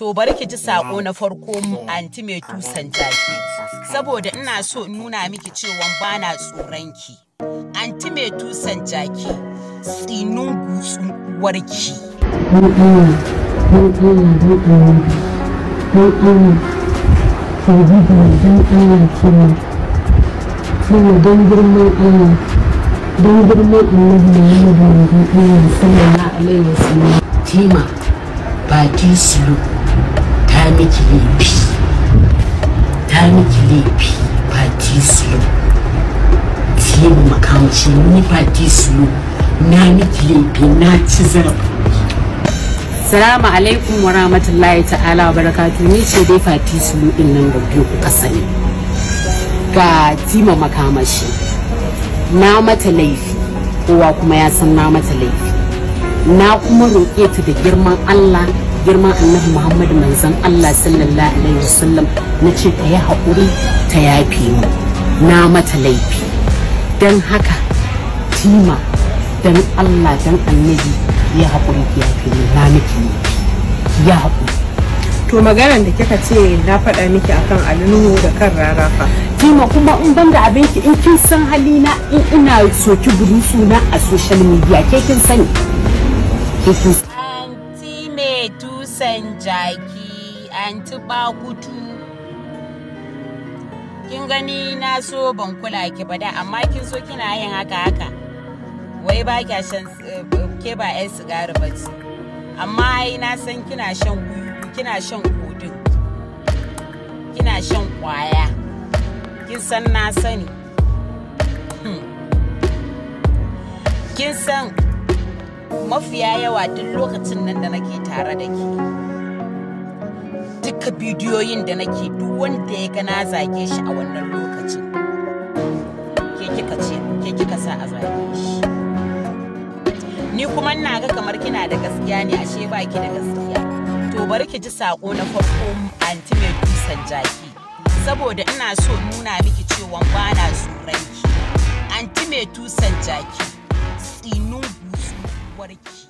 To bari ki ji sako na farko anti mai tusan jaki. Saboda ina so in nuna miki cewa bana tsoron ki. Anti mai tusan jaki tsinin gutsun uwarki. Don don Tima, ba ta miki laifi ta miki laifi Party slow ki yi makamci ni fati slow na miki laifi na ci zarafi Salamu alaikum wa rahmatullahi ta'ala wa barakatu ni ce dai fati sulu din nan da biyu ku kasani. ga tima makamashi na mata laifi kowa kuma ya san na mata laifi na kuma roƙe ta da girman Allah girman annabi muhammadu manzan allah sallallahu alaihi wasallam na ce ta yi haƙuri ta yafe mu na mata laifi don haka tima don allah don annabi ya haƙuri ta yafe mu na miki ya haƙuri to maganar da kika ce na faɗa miki akan alinuhu da kan rarafa tima kuma in da abinki in kin san halina in ina soki burusu na a social media ke kin sani Thank kin kitsan jaki tuba bakutu kin gani na so ban kula ki ba da amma kin so kina yin haka haka wai ba kya shan eh, ke ba yan sigari ba ce amma ai na san kina shan kina shan kodin kina shan kwaya kin san na sani hmm. kin san mafiya yawa duk lokacin nan da nake tare da ke duka bidiyoyin da nake duk wanda ya ga zage shi a wannan lokacin ke kika ce ke kika sa a zage shi ni kuma na ga kamar kina da gaskiya ne ashe ba ki da gaskiya to bari ki ji sako na farko anti mai dusan jaki saboda ina so nuna miki cewa ba na tsoron ki anti mai tusan jaki tsinu. 割りき